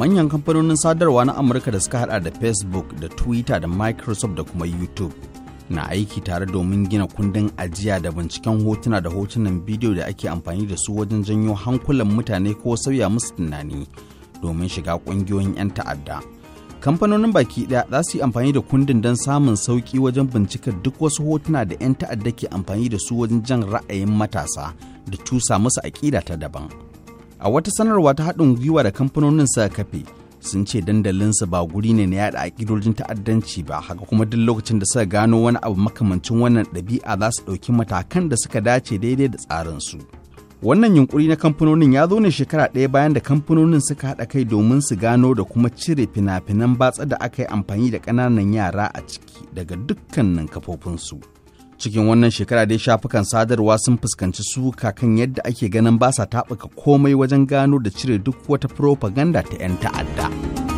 manyan kamfanonin sadarwa na amurka da suka hada da facebook da twitter da microsoft da kuma youtube na aiki tare domin gina kundin ajiya da binciken hotuna da hotunan bidiyo da ake amfani da su wajen janyo hankulan mutane ko sauya musu tunani domin shiga kungiyoyin 'yan ta'adda kamfanonin baki ɗaya za su yi amfani da kundin don samun sauki wajen bincikar duk wasu hotuna da 'yan ta'adda ke amfani da su wajen jan ra'ayin matasa da tusa musu aƙida ta daban. a wata sanarwa ta haɗin gwiwa da kamfanonin sa kafe sun ce dandalinsa ba guri ne na yada aƙidojin ta'addanci ba haka kuma duk lokacin da suka gano wani abu makamancin wannan ɗabi'a za su ɗauki matakan da suka dace daidai da su wannan yunkuri na kamfanonin ya zo ne shekara ɗaya bayan da kamfanonin suka haɗa kai domin su gano da kuma cire fina-finan batsa da aka yi amfani da ƙananan yara a ciki daga dukkanin kafofinsu. cikin wannan shekara dai shafukan sadarwa sun fuskanci suka kan yadda ake ganin ba sa taɓuka komai wajen gano da cire duk wata propaganda ta 'yan ta'adda.